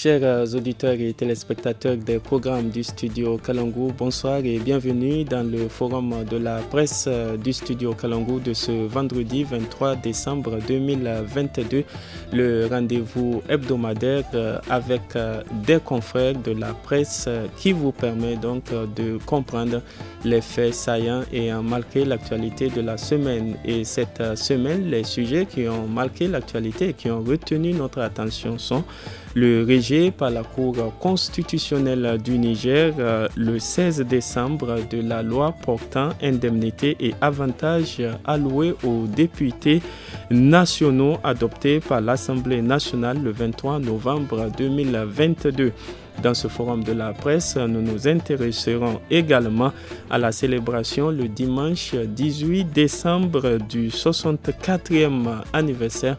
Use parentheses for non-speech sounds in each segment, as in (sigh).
Chers euh, auditeurs et téléspectateurs des programmes du studio Kalangou, bonsoir et bienvenue dans le forum de la presse euh, du studio Kalangou de ce vendredi 23 décembre 2022, le rendez-vous hebdomadaire euh, avec des confrères de la presse qui vous permet donc de comprendre les faits saillants et en marquer l'actualité de la semaine. Et cette semaine, les sujets qui ont marqué l'actualité et qui ont retenu notre attention sont le rejet par la Cour constitutionnelle du Niger euh, le 16 décembre de la loi portant indemnité et avantages alloués aux députés nationaux adoptée par l'Assemblée nationale le 23 novembre 2022. Dans ce forum de la presse, nous nous intéresserons également à la célébration le dimanche 18 décembre du 64e anniversaire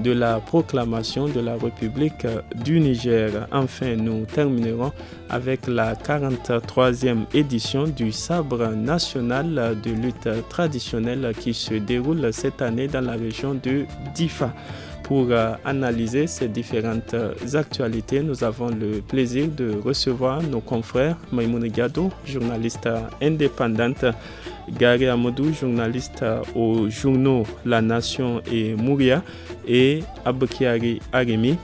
de la proclamation de la République euh, du Niger. Enfin, nous terminerons avec la 43e édition du Sabre national de lutte traditionnelle qui se déroule cette année dans la région de Difa. Pour euh, analyser ces différentes euh, actualités, nous avons le plaisir de recevoir nos confrères Maïmoune Gado, journaliste euh, indépendante, Gary Amadou, journaliste aux journaux La Nation et Mouria, et Abakiari Arimi,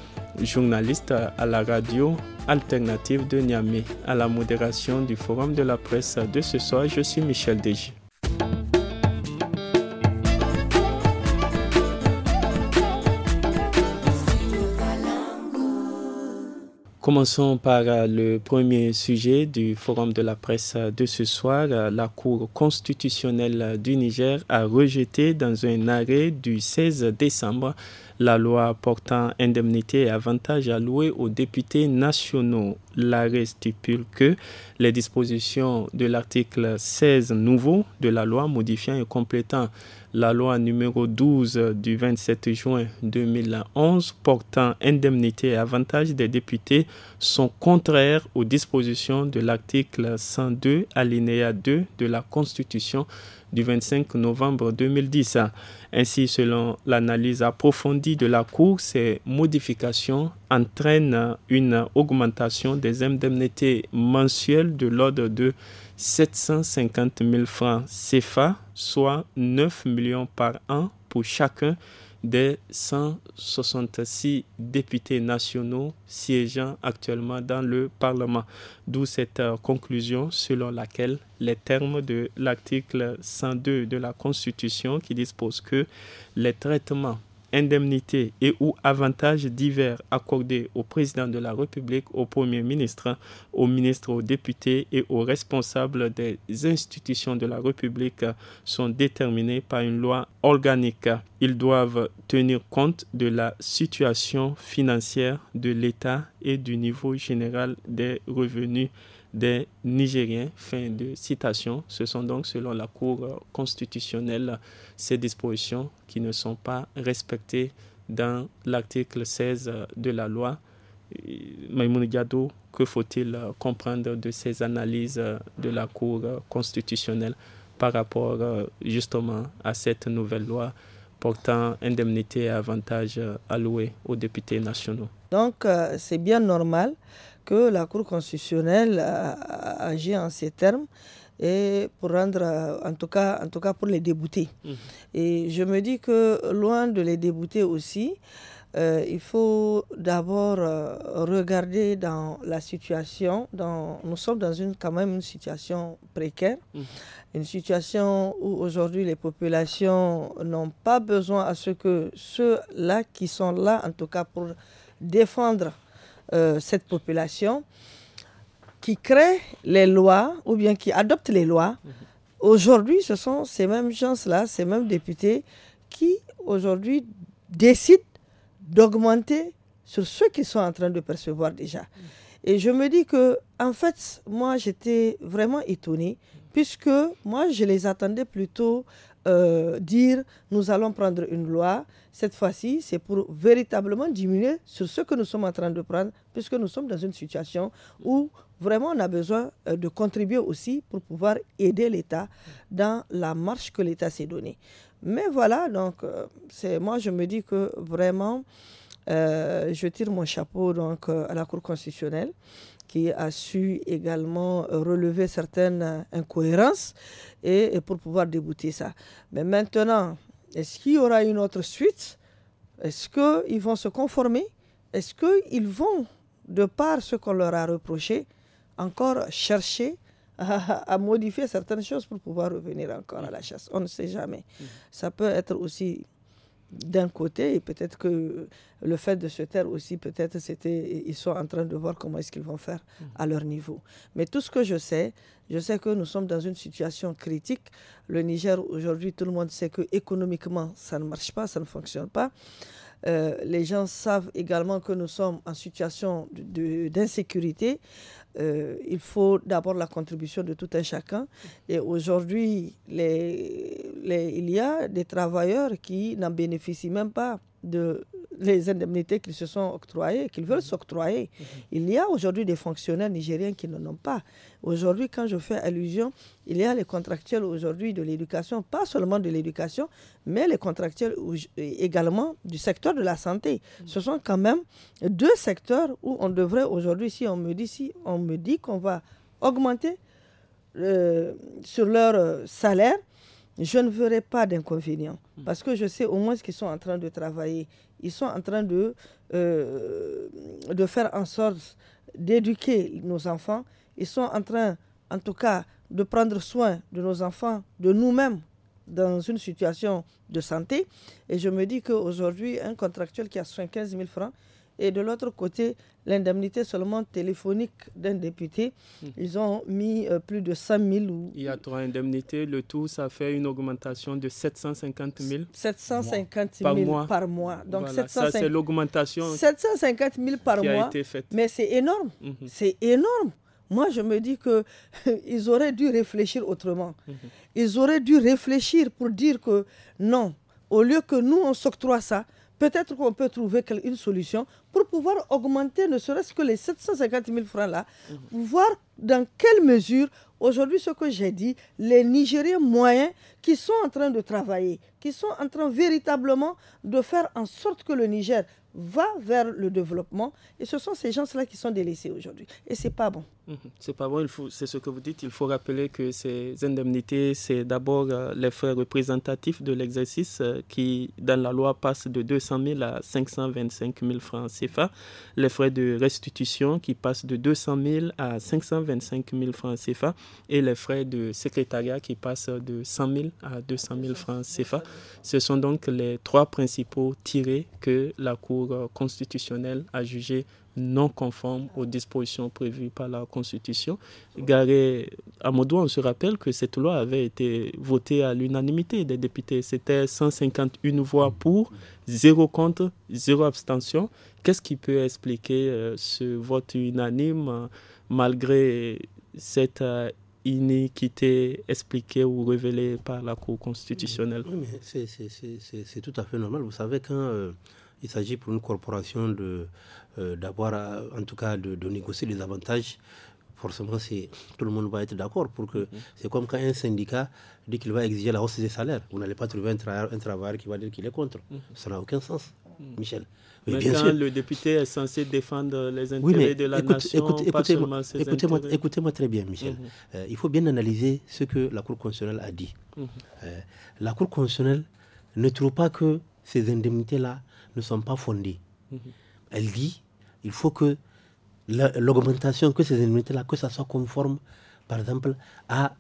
journaliste à la radio alternative de Niamey. À la modération du Forum de la presse de ce soir, je suis Michel Deji. Commençons par euh, le premier sujet du forum de la presse euh, de ce soir. Euh, la Cour constitutionnelle du Niger a rejeté dans un arrêt du 16 décembre la loi portant indemnité et avantages alloués aux députés nationaux. L'arrêt stipule que les dispositions de l'article 16 nouveau de la loi modifiant et complétant la loi numéro 12 du 27 juin 2011 portant indemnités et avantages des députés sont contraires aux dispositions de l'article 102 alinéa 2 de la Constitution du 25 novembre 2010. Ainsi, selon l'analyse approfondie de la Cour, ces modifications entraînent une augmentation des indemnités mensuelles de l'ordre de 750 000 francs CFA, soit 9 millions par an pour chacun des 166 députés nationaux siégeant actuellement dans le Parlement. D'où cette euh, conclusion selon laquelle les termes de l'article 102 de la Constitution qui dispose que les traitements indemnités et ou avantages divers accordés au président de la République, au Premier ministre, aux ministres, aux députés et aux responsables des institutions de la République sont déterminés par une loi organique. Ils doivent tenir compte de la situation financière de l'État et du niveau général des revenus des Nigériens. Fin de citation. Ce sont donc, selon la Cour constitutionnelle, ces dispositions qui ne sont pas respectées dans l'article 16 de la loi. Maïmoun Gado, que faut-il comprendre de ces analyses de la Cour constitutionnelle par rapport euh, justement à cette nouvelle loi portant indemnité et avantages alloués aux députés nationaux Donc, euh, c'est bien normal que la Cour constitutionnelle a, agi en ces termes et pour rendre, en tout cas, en tout cas pour les débouter. Mmh. Et je me dis que loin de les débouter aussi, euh, il faut d'abord euh, regarder dans la situation. nous sommes dans une, quand même une situation précaire, mmh. une situation où aujourd'hui les populations n'ont pas besoin à ce que ceux-là qui sont là, en tout cas pour défendre euh, cette population, qui crée les lois ou bien qui adopte les lois. Mhm. Aujourd'hui, ce sont ces mêmes gens-là, ces mêmes députés, qui aujourd'hui décident d'augmenter sur ceux qu'ils sont en train de percevoir déjà. Mhm. Et je me dis que, en fait, moi, j'étais vraiment étonnée, mhm. puisque moi, je les attendais plutôt euh, dire nous allons prendre une loi. Cette fois-ci, c'est pour véritablement diminuer sur ce que nous sommes en train de prendre, puisque nous sommes dans une situation où vraiment on a besoin euh, de contribuer aussi pour pouvoir aider l'État dans la marche que l'État s'est donnée. Mais voilà, donc euh, c'est moi je me dis que vraiment je tire mon chapeau donc à la Cour constitutionnelle qui a su également relever certaines incohérences et, pour pouvoir débouter ça. Mais maintenant, est-ce qu'il y aura une autre suite Est-ce qu'ils vont se conformer Est-ce qu'ils vont, de par ce qu'on leur a reproché, encore chercher à, modifier certaines choses pour pouvoir revenir encore à la chasse On ne sait jamais. Mm. Ça peut être aussi d'un côté, et peut-être que le fait de se taire aussi, peut-être c'était, ils sont en train de voir comment est-ce qu'ils vont faire mm. à leur niveau. Mais tout ce que je sais, je sais que nous sommes dans une situation critique. Le Niger aujourd'hui, tout le monde sait que économiquement, ça ne marche pas, ça ne fonctionne pas. Euh, les gens savent également que nous sommes en situation d'insécurité. Euh, il faut d'abord la contribution de tout un chacun. Et aujourd'hui, il y a des travailleurs qui n'en bénéficient même pas de les indemnités qu'ils se sont octroyées, qu'ils veulent mhm. s'octroyer. Mhm. Il y a aujourd'hui des fonctionnaires nigériens qui n'en ont pas. Aujourd'hui, quand je fais allusion, il y a les contractuels aujourd'hui de l'éducation, pas seulement de l'éducation, mais les contractuels également du secteur de la santé. Mhm. Ce sont quand même deux secteurs où on devrait aujourd'hui, si on me dit, si on me dit qu'on va augmenter euh, sur leur euh, salaire, je ne verrai pas d'inconvénient parce que je sais au moins ce qu'ils sont en train de travailler. Ils sont en train de, euh, de faire en sorte d'éduquer nos enfants. Ils sont en train, en tout cas, de prendre soin de nos enfants, de nous-mêmes, dans une situation de santé. Et je me dis qu'aujourd'hui, un contractuel qui a 75 000 francs, et de l'autre côté, l'indemnité seulement téléphonique d'un député, hmm. ils ont mis euh, plus de 100 000. Ou... Il y a trois indemnités. Le tout, ça fait une augmentation de 750 000, 750 par, mois. Donc Ça, c'est l'augmentation 000 par qui mois. A été faite. Mais c'est énorme. Hmm. C'est énorme. Moi, je me dis que (laughs) ils auraient dû réfléchir autrement. Hmm. Ils auraient dû réfléchir pour dire que non, au lieu que nous, on s'octroie ça, peut-être qu'on peut trouver une solution pour pouvoir augmenter ne serait-ce que les 750 000 francs-là, voir dans quelle mesure, aujourd'hui, ce que j'ai dit, les Nigériens moyens qui sont en train de travailler, qui sont en train véritablement de faire en sorte que le Niger va vers le développement. Et ce sont ces gens-là qui sont délaissés aujourd'hui. Et ce n'est pas bon. Ce c'est pas bon. Mhm. C'est ce que vous dites. Il faut rappeler que ces indemnités, c'est d'abord euh, les frais représentatifs de l'exercice euh, qui, dans la loi, passent de 200 000 à 525 000 francs CFA. Les frais de restitution qui passent de 200 000 à 525 000 francs CFA. Et les frais de secrétariat qui passent de 100 000 à 200 000 francs CFA. Ce sont donc les trois principaux tirés que la Cour constitutionnelle a jugés non conformes aux dispositions prévues par la Constitution. Garé Amodou, on se rappelle que cette loi avait été votée à l'unanimité des députés. C'était 151 voix pour, zéro contre, zéro abstention. Qu'est-ce qui peut expliquer euh, ce vote unanime malgré cette euh, iniquité expliquée ou révélée par la Cour constitutionnelle. Oui, mais c'est tout à fait normal. Vous savez, quand euh, il s'agit pour une corporation euh, d'avoir, en tout cas, de, négocier des avantages, forcément, tout le monde va être d'accord pour que mhm. c'est comme quand un syndicat dit qu'il va exiger la hausse des salaires. Vous n'allez pas trouver un, travailleur, un qui va dire qu'il est contre. Mhm. Ça n'a aucun sens. Hmm. Michel. bien sûr. le député est censé défendre les intérêts de la nation, écoutez-moi, très bien, Michel. Hmm. Euh, il faut bien analyser ce que la Cour constitutionnelle a dit. Hmm. Euh, la Cour constitutionnelle ne trouve pas que ces indemnités-là ne sont pas fondées. Elle dit il faut que l'augmentation que ces indemnités-là, que ça soit conforme, par exemple, à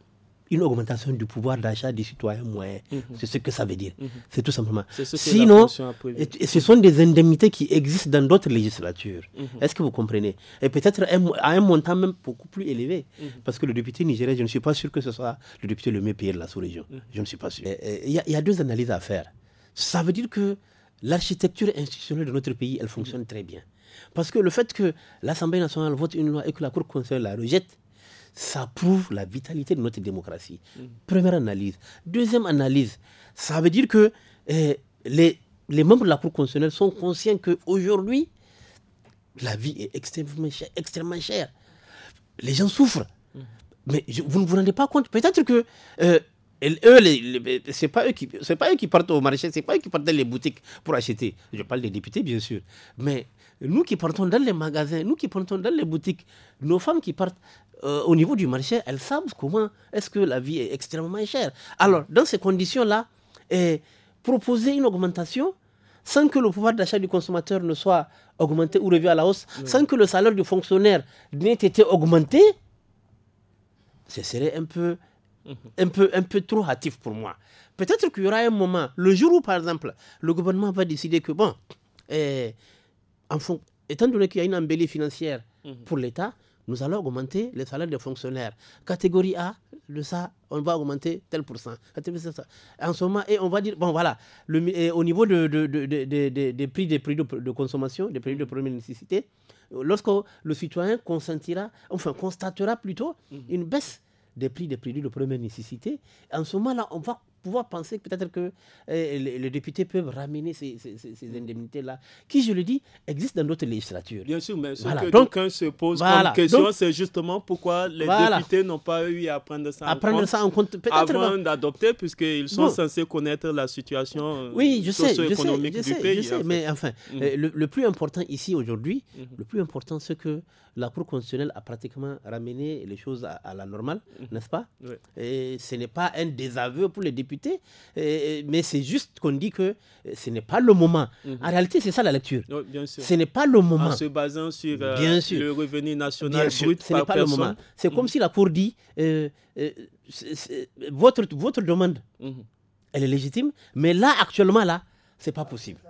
une augmentation du pouvoir d'achat des citoyens moyens. Mhm. C'est ce que ça veut dire. Mhm. C'est tout simplement. Sinon, ce sont des indemnités qui existent dans d'autres législatures. Mhm. Est-ce que vous comprenez Et peut-être à un montant même beaucoup plus élevé. Parce que le député nigérien, je ne suis pas sûr que ce soit le député le mieux payé de la sous-région. Je ne suis pas sûr. Il y, y, a deux analyses à faire. Ça veut dire que l'architecture institutionnelle de notre pays, elle fonctionne très bien. Parce que le fait que l'Assemblée nationale vote une loi et que la Cour constitutionnelle la rejette, ça prouve la vitalité de notre démocratie. Mm. Première analyse. Deuxième analyse, ça veut dire que eh, les, membres de la Cour constitutionnelle sont conscients qu'aujourd'hui, la vie est extrêmement chère, Les gens souffrent. Mm. Mais vous ne vous rendez pas compte. Peut-être que... ce euh, n'est c'est pas eux qui, c'est pas eux qui partent au marché, c'est pas eux qui partent dans les boutiques pour acheter. Je parle des députés, bien sûr, mais nous qui partons dans les magasins, nous qui partons dans les boutiques, nos femmes qui partent euh, au niveau du marché, elles savent comment est-ce que la vie est extrêmement chère. Alors, dans ces conditions-là, proposer une augmentation sans que le pouvoir d'achat du consommateur ne soit augmenté ou revu à la hausse, sans que le salaire du fonctionnaire n'ait été augmenté, ce serait un peu, mhm. un peu, un peu trop hâtif pour moi. Peut-être qu'il y aura un moment, le jour où, par exemple, le gouvernement va décider que, bon, eh, en fond, étant donné qu'il y a une embellie financière mhm. pour l'État, nous allons augmenter les salaires des fonctionnaires. Catégorie A, le ça, on va augmenter tel pourcent. En ce moment, et on va dire, bon voilà, au niveau de, des prix, des prix de, consommation, des prix de première nécessité, lorsque le citoyen consentira, enfin constatera plutôt mhm. une baisse des prix des produits de première nécessité, en ce moment-là, on va pouvoir penser peut-être que euh, les, députés peuvent ramener ces, mm. indemnités-là, qui, je le dis, existent dans d'autres législatures. Bien sûr, mais ce voilà. que quelqu'un se pose comme question, c'est justement pourquoi les députés n'ont pas eu à prendre ça, à en, prendre compte ça en compte avant d'adopter, puisqu'ils sont censés connaître la situation oui, je sais, je sais, du je sais, Je sais, mais enfin, mm. euh, le, plus important ici aujourd'hui, mm-hmm. le plus important, c'est que la Cour constitutionnelle a pratiquement ramené les choses à, la normale, mm-hmm. n'est-ce pas Et ce n'est pas un désaveu pour les députés euh, euh, mais c'est juste qu'on dit que euh, ce n'est pas le moment. Mhm. En réalité, c'est ça la lecture. Ce n'est pas le moment. En se basant sur bien sûr. le revenu national ce n'est pas le moment. C'est comme mhm. si la Cour dit votre, votre demande, mhm. elle est légitime, mais là, actuellement, là, c'est pas possible.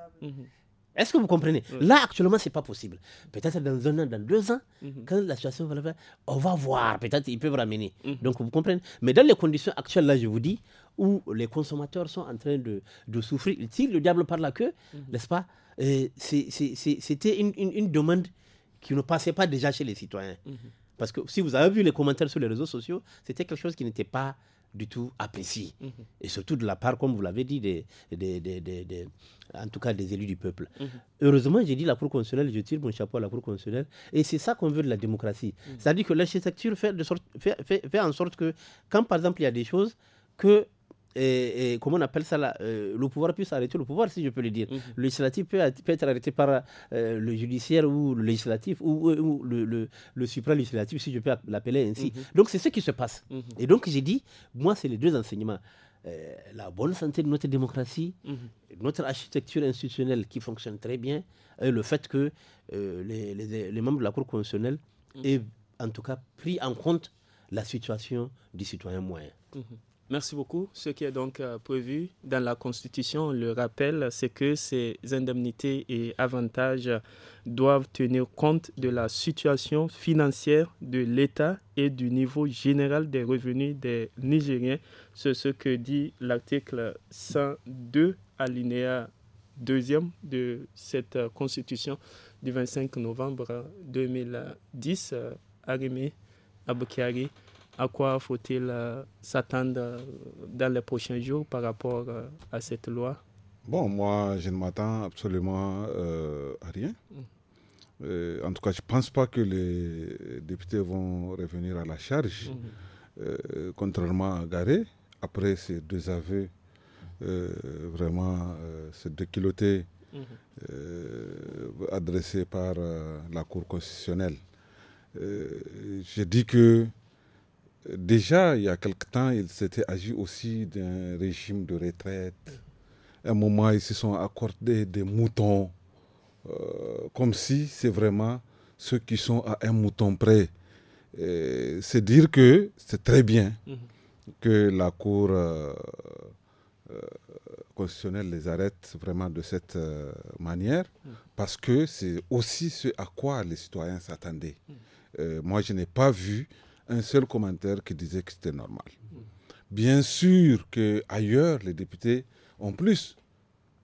Est-ce que vous comprenez mm. Là, actuellement, ce n'est pas possible. Peut-être dans un an, dans deux ans, mm-hmm. quand la situation va le faire, on va voir. Peut-être qu'ils peuvent ramener. Mm-hmm. Donc, vous comprenez Mais dans les conditions actuelles, là, je vous dis, où les consommateurs sont en train de, de souffrir, si le diable parle à queue, mm-hmm. n'est-ce pas euh, C'était une, demande qui ne passait pas déjà chez les citoyens. Parce que si vous avez vu les commentaires sur les réseaux sociaux, c'était quelque chose qui n'était pas du tout apprécié. Mhm. Et surtout de la part, comme vous l'avez dit, des, en tout cas des élus du peuple. Mhm. Heureusement, j'ai dit la Cour constitutionnelle, je tire mon chapeau à la Cour constitutionnelle. Et c'est ça qu'on veut de la démocratie. Mhm. C'est-à-dire que l'architecture fait, de sorte, fait, fait en sorte que, quand par exemple il y a des choses que et, comment on appelle ça là, euh, le pouvoir puisse arrêter le pouvoir, si je peux le dire. Mhm. Le législatif peut, être arrêté par euh, le judiciaire ou le législatif ou, euh, le, le, supralégislatif, si je peux l'appeler ainsi. Mhm. Donc c'est ce qui se passe. Mhm. Et donc j'ai dit, moi, c'est les deux enseignements. la bonne santé de notre démocratie, notre architecture institutionnelle qui fonctionne très bien, et le fait que les, les, membres de la Cour constitutionnelle aient en tout cas pris en compte la situation du citoyen moyen. Merci beaucoup. Ce qui est donc euh, prévu dans la Constitution, le rappel, c'est que ces indemnités et avantages doivent tenir compte de la situation financière de l'État et du niveau général des revenus des Nigériens. C'est ce que dit l'article 102 alinéa deuxième de cette euh, Constitution du 25 novembre 2010. Euh, Arimé Aboukari à quoi faut-il euh, s'attendre euh, dans les prochains jours par rapport euh, à cette loi Bon, moi, je ne m'attends absolument à rien. Mm. en tout cas, je ne pense pas que les députés vont revenir à la charge, mm-hmm. contrairement à Garé, après ces deux aveux, vraiment, ces deux culottés adressés par la Cour constitutionnelle. J'ai dit que déjà, il y a quelque temps, il s'était agi aussi d'un régime de retraite. À un moment, ils se sont accordés des moutons, euh, comme si c'est vraiment ceux qui sont à un mouton près. C'est dire que c'est très bien que la Cour euh, euh, constitutionnelle les arrête vraiment de cette manière, parce que c'est aussi ce à quoi les citoyens s'attendaient. moi, je n'ai pas vu un seul commentaire qui disait que c'était normal. Bien sûr que ailleurs, les députés ont plus,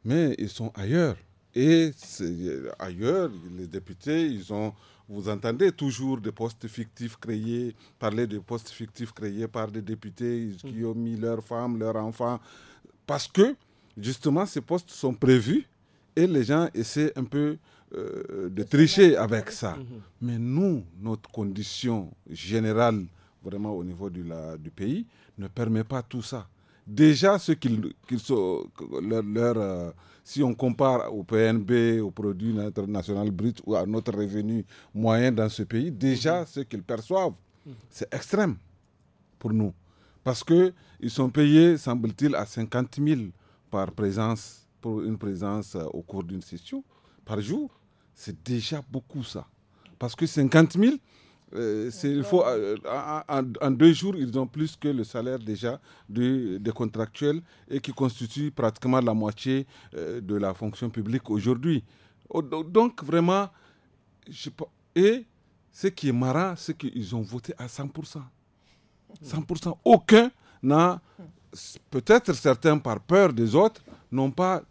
mais ils sont ailleurs. Et euh, ailleurs, les députés, ils ont, vous entendez toujours des postes fictifs créés, parler de postes fictifs créés par des députés mm. qui ont mis leurs femmes, leurs enfants, parce que justement, ces postes sont prévus et les gens essaient un peu euh, de tricher avec ça. Mais nous, notre condition générale, vraiment au niveau du, pays, ne permet pas tout ça. Déjà, ce qu'ils, sont, leur, euh, si on compare au PNB, au produit international brut ou à notre revenu moyen dans ce pays, déjà ce qu'ils perçoivent, c'est extrême pour nous. Parce qu'ils sont payés, semble-t-il, à 50 000 par présence, pour une présence euh, au cours d'une session par jour, c'est déjà beaucoup ça. Parce que 50 000, euh, il faut, euh, en, deux jours, ils ont plus que le salaire déjà des contractuels et qui constitue pratiquement la moitié euh, de la fonction publique aujourd'hui. Oh, donc vraiment, je, et ce qui est marrant, c'est qu'ils ont voté à 100%. 100%. Aucun n'a, peut-être certains par peur des autres, n'ont pas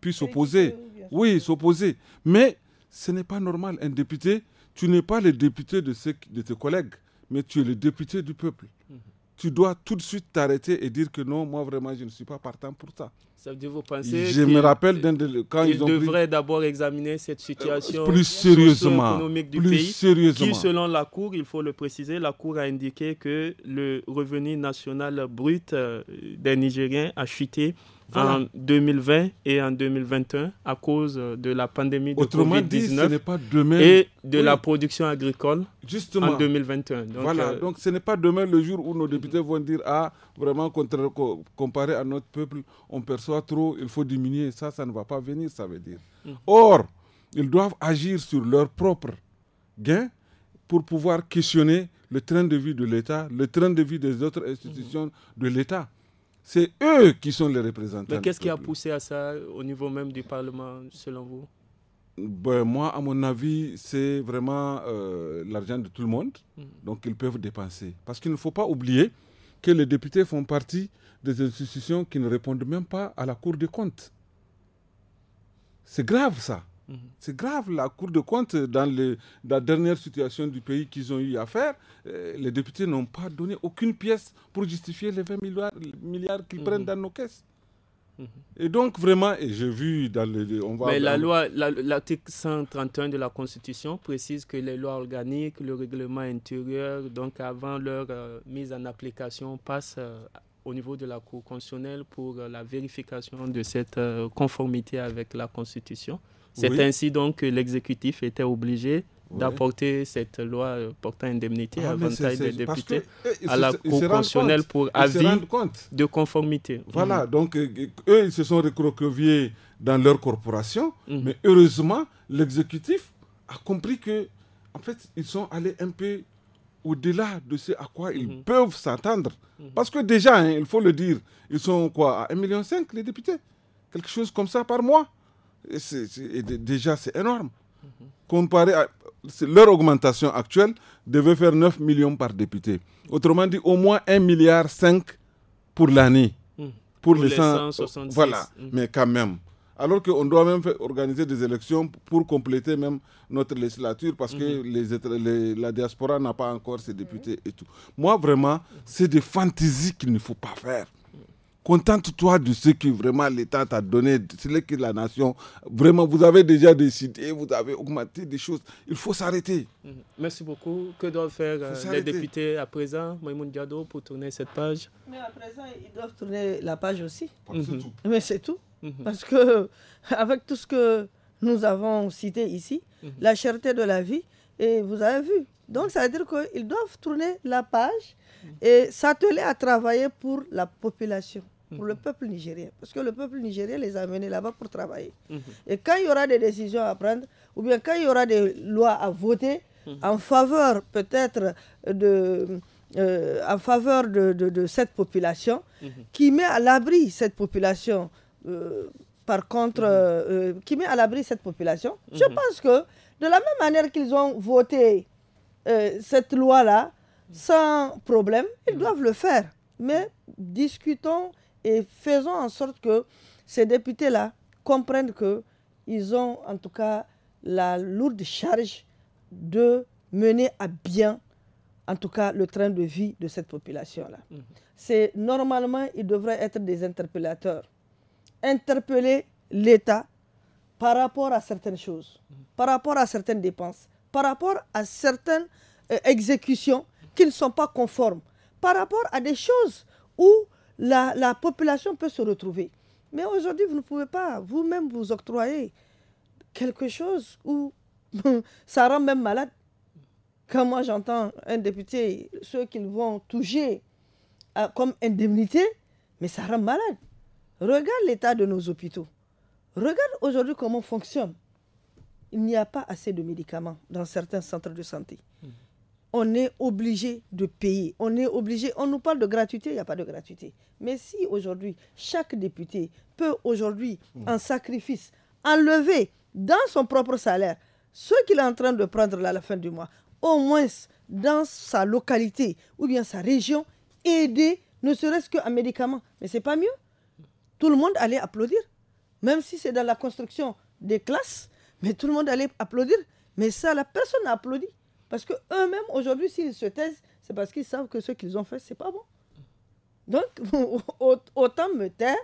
pu s'opposer oui, s'opposer. Mais ce n'est pas normal. Un député, tu n'es pas le député de, tes collègues, mais tu es le député du peuple. Mhm. Tu dois tout de suite t'arrêter et dire que non, moi vraiment, je ne suis pas partant pour ça. Ça veut dire vous pensez Je me rappelle quand ils, devrait d'abord examiner cette situation euh, plus sérieusement, économique du plus pays. Sérieusement. Qui, selon la Cour, il faut le préciser, la Cour a indiqué que le revenu national brut euh, des Nigériens a chuté en 2020 et en 2021 à cause de la pandémie de COVID-19 et de la production agricole Justement. en 2021. voilà, euh, donc ce n'est pas demain le jour où nos députés vont dire Ah, vraiment, comparé à notre peuple, on perçoit trop, il faut diminuer. Ça, ça ne va pas venir, ça veut dire. Mm. Or, ils doivent agir sur leur propre gains pour pouvoir questionner le train de vie de l'État, le train de vie des autres institutions mm. de l'État. C'est eux qui sont les représentants. Mais qu'est-ce qui a poussé à ça au niveau même du Parlement, selon vous ben, Moi, à mon avis, c'est vraiment euh, l'argent de tout le monde. Hmm. Donc, ils peuvent dépenser. Parce qu'il ne faut pas oublier que les députés font partie des institutions qui ne répondent même pas à la Cour des comptes. C'est grave, ça. Mhm. C'est grave, la Cour de compte, dans, la dernière situation du pays qu'ils ont eu à faire, euh, les députés n'ont pas donné aucune pièce pour justifier les 20 milliards, milliards qu'ils mhm. prennent dans nos caisses. Mhm. Et donc vraiment, j'ai vu dans le Mais la loi, l'article 131 de la Constitution précise que les lois organiques, le règlement intérieur, donc avant leur euh, mise en application, passent euh, au niveau de la Cour constitutionnelle pour la vérification de cette conformité avec la Constitution. C'est ainsi donc que l'exécutif était obligé d'apporter cette loi euh, portant indemnité ah, à des députés euh, à la Cour constitutionnelle pour avis de conformité. Voilà, mhm. donc euh, eux, ils se sont recroquevillés dans leur corporation, mhm. mais heureusement, l'exécutif a compris que, en fait, ils sont allés un peu au-delà de ce à quoi ils mhm. peuvent s'attendre. Parce que déjà, hein, il faut le dire, ils sont quoi, à 1,5 million les députés Quelque chose comme ça par mois déjà, c'est énorme. Comparé à leur augmentation actuelle, devait faire 9 millions par député. Autrement dit, au moins 1,5 milliard pour l'année. Hmm. Pour, les, 176 Voilà, hmm. mais quand même. Alors qu'on doit même organiser des élections pour compléter même notre législature parce que hmm. les, la diaspora n'a pas encore ses députés et tout. Moi, vraiment, c'est des fantaisies qu'il ne faut pas faire. Contente-toi de ce que vraiment l'État t'a donné, de ce que la nation. Vraiment, vous avez déjà décidé, vous avez augmenté des choses. Il faut s'arrêter. Mhm. Merci beaucoup. Que doivent faire euh, les députés à présent, Moïmoun Diado, pour tourner cette page Mais à présent, ils doivent tourner la page aussi. Mhm. Mais c'est tout. Mhm. Parce que, (laughs) avec tout ce que nous avons cité ici, la cherté de la vie, et vous avez vu. Donc, ça veut dire qu'ils doivent tourner la page et s'atteler à travailler pour la population pour mhm. le peuple nigérien. Parce que le peuple nigérien les a amenés là-bas pour travailler. Mhm. Et quand il y aura des décisions à prendre, ou bien quand il y aura des lois à voter mhm. en faveur peut-être de... Euh, en faveur de, cette population, qui met à l'abri cette population, euh, par contre, euh, qui met à l'abri cette population, je pense que de la même manière qu'ils ont voté cette loi-là, sans problème, ils doivent le faire. Mais discutons et faisons en sorte que ces députés-là comprennent qu'ils ont en tout cas la lourde charge de mener à bien, en tout cas, le train de vie de cette population-là. Mhm. C'est normalement, ils devraient être des interpellateurs. Interpeller l'État par rapport à certaines choses, mhm. par rapport à certaines dépenses, par rapport à certaines euh, exécutions qui ne sont pas conformes, par rapport à des choses où la, population peut se retrouver. Mais aujourd'hui, vous ne pouvez pas vous-même vous octroyer quelque chose où (laughs) ça rend même malade. Quand moi j'entends un député, ceux qu'ils vont toucher euh, comme indemnité, mais ça rend malade. Regarde l'état de nos hôpitaux. Regarde aujourd'hui comment fonctionne. Il n'y a pas assez de médicaments dans certains centres de santé. Hmm on est obligé de payer. On est obligé. On nous parle de gratuité, il n'y a pas de gratuité. Mais si aujourd'hui, chaque député peut aujourd'hui, hmm. en sacrifice, enlever dans son propre salaire ce qu'il est en train de prendre là à la fin du mois, au moins dans sa localité ou bien sa région, aider ne serait-ce qu'un médicament. Mais c'est pas mieux. Tout le monde allait applaudir. Même si c'est dans la construction des classes, mais tout le monde allait applaudir. Mais ça, la personne n'a applaudi. Parce que eux-mêmes, aujourd'hui, s'ils se taisent, c'est parce qu'ils savent que ce qu'ils ont fait, c'est pas bon. Donc, (laughs) autant me taire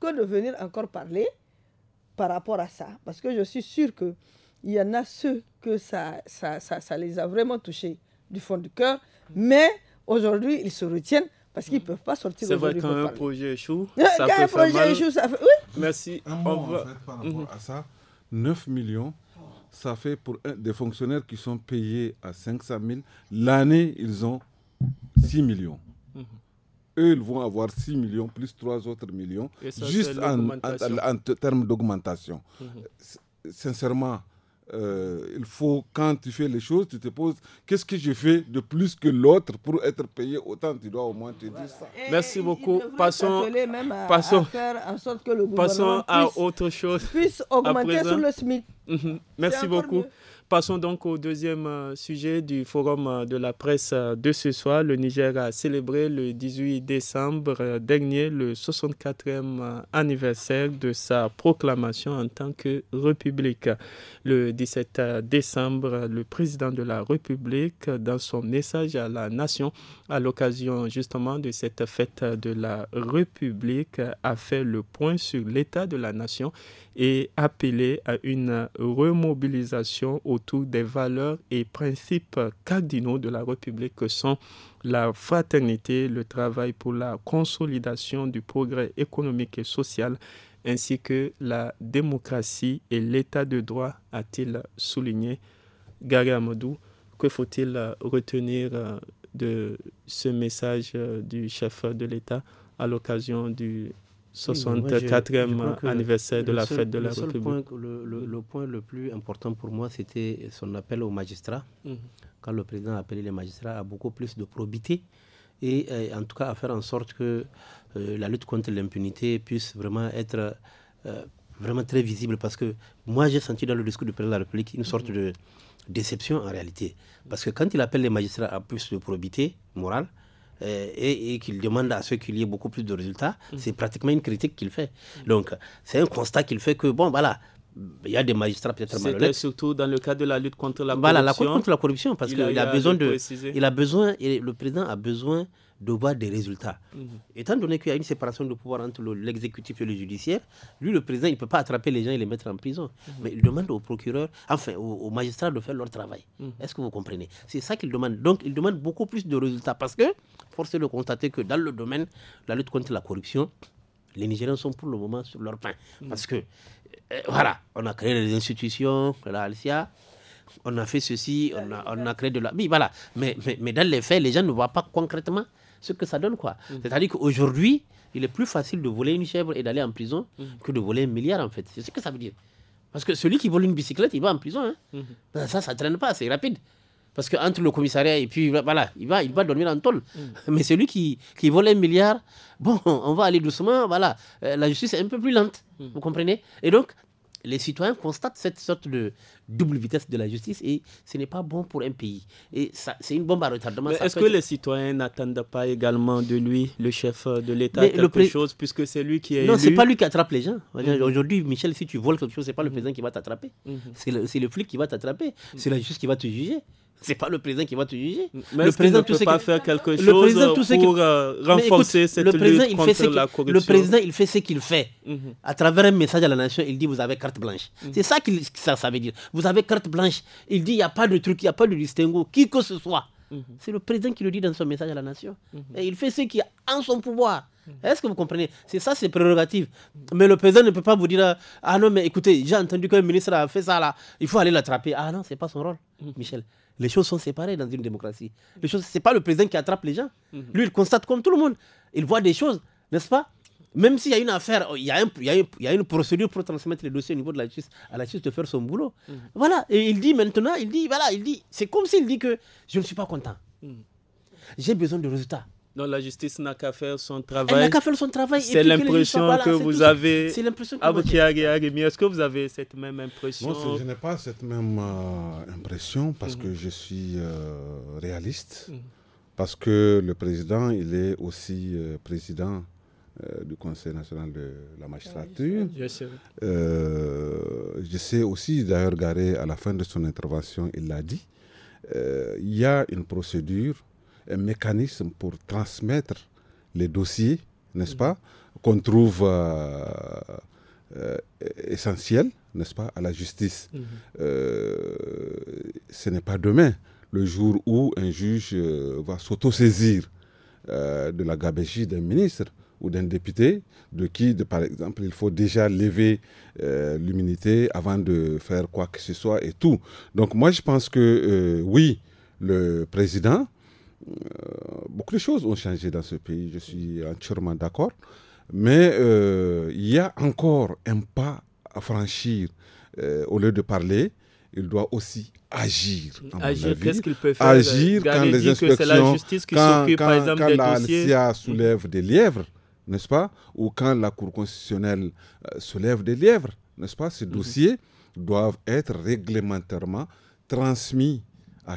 que de venir encore parler par rapport à ça. Parce que je suis sûre qu'il y en a ceux que ça, ça, ça, ça les a vraiment touchés du fond du cœur. Mais aujourd'hui, ils se retiennent parce qu'ils ne mm. peuvent pas sortir aujourd'hui. C'est vrai qu'un projet échoue, (laughs) ça un projet échoue, ça fait... Oui. Merci. Un mot, en fait, par mhm. rapport à ça, 9 millions, ça fait pour des fonctionnaires qui sont payés à 500 000, l'année, ils ont 6 millions. Mhm. Eux, ils vont avoir 6 millions plus 3 autres millions, juste en, termes d'augmentation. Mhm. Sincèrement, euh, il faut, quand tu fais les choses, tu te poses qu'est-ce que je fais de plus que l'autre pour être payé autant Tu dois au moins te dire ça. Merci beaucoup. Passons, à, passons, faire en sorte que le gouvernement passons puisse, à autre chose. Puisse augmenter sur le SMIC. Mhm. Merci beaucoup. Passons donc au deuxième euh, sujet du forum euh, de la presse euh, de ce soir. Le Niger a célébré le 18 décembre dernier le 64e anniversaire de sa proclamation en tant que République. Le 17 décembre, le président de la République, dans son message à la nation, à l'occasion justement de cette fête de la République, a fait le point sur l'état de la nation et appelé à une remobilisation autour des valeurs et principes cardinaux de la République que sont la fraternité, le travail pour la consolidation du progrès économique et social, ainsi que la démocratie et l'état de droit, a-t-il souligné. Gary que faut-il retenir de ce message du chef de l'État à l'occasion du 64e anniversaire de la fête de la le République. Point, le, point le plus important pour moi, c'était son appel aux magistrats. Mhm. Quand le président a appelé les magistrats à beaucoup plus de probité et euh, en tout cas à faire en sorte que euh, la lutte contre l'impunité puisse vraiment être euh, vraiment très visible. Parce que moi, j'ai senti dans le discours du président de la République une sorte mhm. de déception en réalité. Parce que quand il appelle les magistrats à plus de probité morale, euh, et, qu'il demande à ceux qu'il y ait beaucoup plus de résultats, mm. c'est pratiquement une critique qu'il fait. Mm. Donc, c'est un constat qu'il fait que, bon, voilà, il y a des magistrats peut-être malhonnêtes. surtout dans le cadre de la lutte contre la corruption. Voilà, la lutte contre la corruption, parce qu'il a, besoin de. de il a besoin, et le président a besoin de voir des résultats. Mhm. Étant donné qu'il y a une séparation de pouvoir entre l'exécutif et le judiciaire, lui, le président, il ne peut pas attraper les gens et les mettre en prison. Mhm. Mais il demande aux procureurs, enfin, aux, magistrats de faire leur travail. Mhm. Est-ce que vous comprenez C'est ça qu'il demande. Donc, il demande beaucoup plus de résultats parce que, force est de constater que dans le domaine de la lutte contre la corruption, les Nigériens sont pour le moment sur leur pain. Parce que, euh, voilà, on a créé les institutions, la Alcia, on a fait ceci, on a, créé de la. Oui, voilà. mais, mais dans les faits, les gens ne voient pas concrètement ce que ça donne. quoi. Mm. C'est-à-dire qu'aujourd'hui, il est plus facile de voler une chèvre et d'aller en prison mm. que de voler un milliard, en fait. C'est ce que ça veut dire. Parce que celui qui vole une bicyclette, il va en prison. Hein. Mm-hmm. ça, ça traîne pas, c'est rapide. Parce qu'entre le commissariat et puis voilà, il va, il va dormir en tôle. Mm. (laughs) Mais celui qui, qui vole un milliard, bon, (laughs) on va aller doucement, voilà. Euh, la justice est un peu plus lente, vous comprenez Et donc, les citoyens constatent cette sorte de double vitesse de la justice et ce n'est pas bon pour un pays. Et c'est une bombe à retardement. Est-ce que les citoyens n'attendent pas également de lui, le chef de l'État, quelque chose, puisque c'est lui qui est Non, ce c'est pas lui qui attrape les gens. Mhm. Aujourd'hui, Michel, si tu voles quelque chose, c'est pas le président qui va t'attraper. Mhm. C'est le, le, flic qui va t'attraper. C'est la justice qui va te juger c'est pas le président qui va te juger. Mais le président ne peut pas faire quelque chose pour euh, renforcer cette le président, lutte contre la corruption. Le président, il fait ce qu'il fait. Mhm. À travers un message à la nation, il dit vous avez carte blanche. Mhm. C'est ça que ça, veut dire. Vous avez carte blanche. Il dit il n'y a pas de truc, il n'y a pas de distinguo, qui que ce soit. Mhm. C'est le président qui le dit dans son message à la nation. Et il fait ce qui est en son pouvoir. Est-ce que vous comprenez C'est ça, c'est prérogative. Mais le président ne peut pas vous dire Ah non, mais écoutez, j'ai entendu qu'un ministre a fait ça là, il faut aller l'attraper. Ah non, c'est pas son rôle, Michel les choses sont séparées dans une démocratie. Les mm-hmm. choses, c'est pas le président qui attrape les gens. Mm-hmm. Lui, il constate comme tout le monde. Il voit des choses, n'est-ce pas Même s'il y a une affaire, il y a, une, procédure pour transmettre les dossiers au niveau de la justice, à la justice de faire son boulot. Mm-hmm. Voilà. Et il dit maintenant, il dit, voilà, il dit, c'est comme s'il dit que je ne suis pas content. J'ai besoin de résultats. Donc la justice n'a qu'à faire son travail. Elle son travail. C'est l'impression que vous avez. C'est l'impression que ah, Est-ce que vous avez cette même impression je n'ai pas cette même euh, impression parce que mhm. je suis euh, réaliste. Mhm. Parce que le président, il est aussi euh, président du Conseil national de la magistrature. Ah, je, je sais aussi, d'ailleurs, Garé, à la fin de son intervention, il l'a dit, il y a une procédure un mécanisme pour transmettre les dossiers, n'est-ce pas, qu'on trouve euh, euh essentiels, n'est-ce pas, à la justice. Mm-hmm. Euh, ce n'est pas demain, le jour où un juge euh, va s'autosaisir de la gabégie d'un ministre ou d'un député, de qui, de, par exemple, il faut déjà lever l'immunité avant de faire quoi que ce soit et tout. Donc moi, je pense que oui, le président euh, beaucoup de choses ont changé dans ce pays, je suis entièrement d'accord. Mais euh, il y a encore un pas à franchir. Euh, au lieu de parler, il doit aussi agir. Agir, qu'est-ce qu'il peut faire Agir quand les inspections, que la justice qui par exemple, la soulève des lièvres, n'est-ce pas Ou quand la Cour constitutionnelle soulève des lièvres, n'est-ce pas Ces mhm. dossiers doivent être réglementairement transmis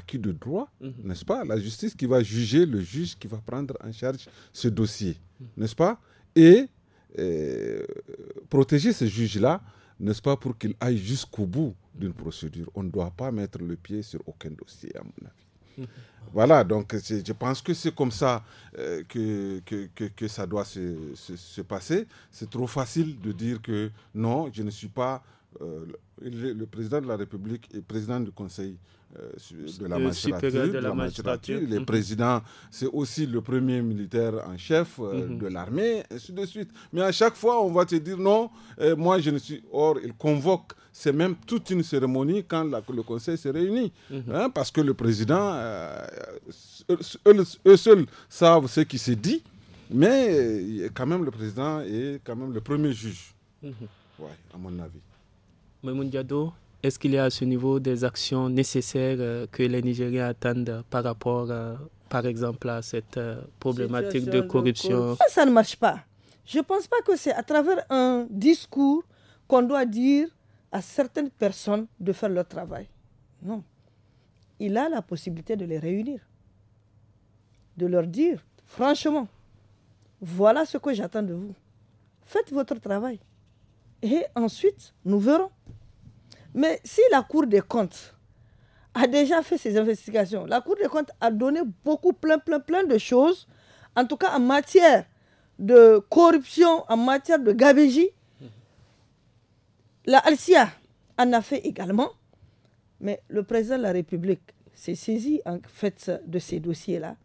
qui de droit, mhm. n'est-ce pas La justice qui va juger, le juge qui va prendre en charge ce dossier, mhm. n'est-ce pas Et euh, protéger ce juge-là, n'est-ce pas, pour qu'il aille jusqu'au bout d'une mhm. procédure. On ne doit pas mettre le pied sur aucun dossier, à mon avis. Voilà, donc je pense que c'est comme ça euh, que, que, ça doit se passer. C'est trop facile de dire que non, je ne suis pas euh, le, président de la République est président du Conseil euh, euh, de, la magistrature, le mm-hmm. président, c'est aussi le premier militaire en chef mm-hmm. de l'armée, ainsi de suite. Mais à chaque fois, on va te dire non, moi je ne suis. Or, il convoque, c'est même toute une cérémonie quand le Conseil se réunit. Mm-hmm. Hein, parce que le président, eux, seuls savent ce qui s'est dit, mais quand même, le président est quand même le premier juge. à mon avis est-ce qu'il y a à ce niveau des actions nécessaires euh, que les Nigériens attendent par rapport, euh, par exemple, à cette euh, problématique de corruption Ça ne marche pas. Je ne pense pas que c'est à travers un discours qu'on doit dire à certaines personnes de faire leur travail. Non. Il a la possibilité de les réunir, de leur dire, franchement, voilà ce que j'attends de vous. Faites votre travail. Et ensuite, nous verrons. Mais si la Cour des comptes a déjà fait ses investigations, la Cour des comptes a donné beaucoup, plein, plein, plein de choses, en tout cas en matière de corruption, en matière de gabégie. La Alcia en a fait également, mais le président de la République s'est saisi en fait de ces dossiers-là,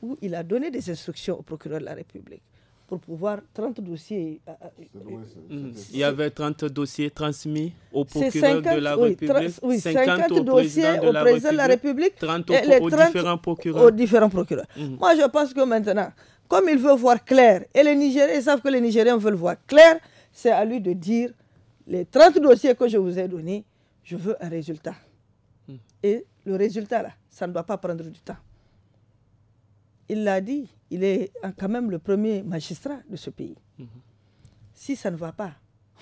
où il a donné des instructions au procureur de la République pour pouvoir 30 dossiers. Euh, euh, euh, mm. il y avait 30 dossiers transmis au procureur de la République, oui, 50, dossiers au président de la République, et les 30 aux différents procureurs. Mm. Moi, je pense que maintenant, comme il veut voir clair, et les Nigériens savent que les Nigériens veulent voir clair, c'est à lui de dire les 30 dossiers que je vous ai donnés, je veux un résultat. Mm. Et le résultat, là, ça ne doit pas prendre du temps il l'a dit, il est quand même le premier magistrat de ce pays. Mhm. Si ça ne va pas,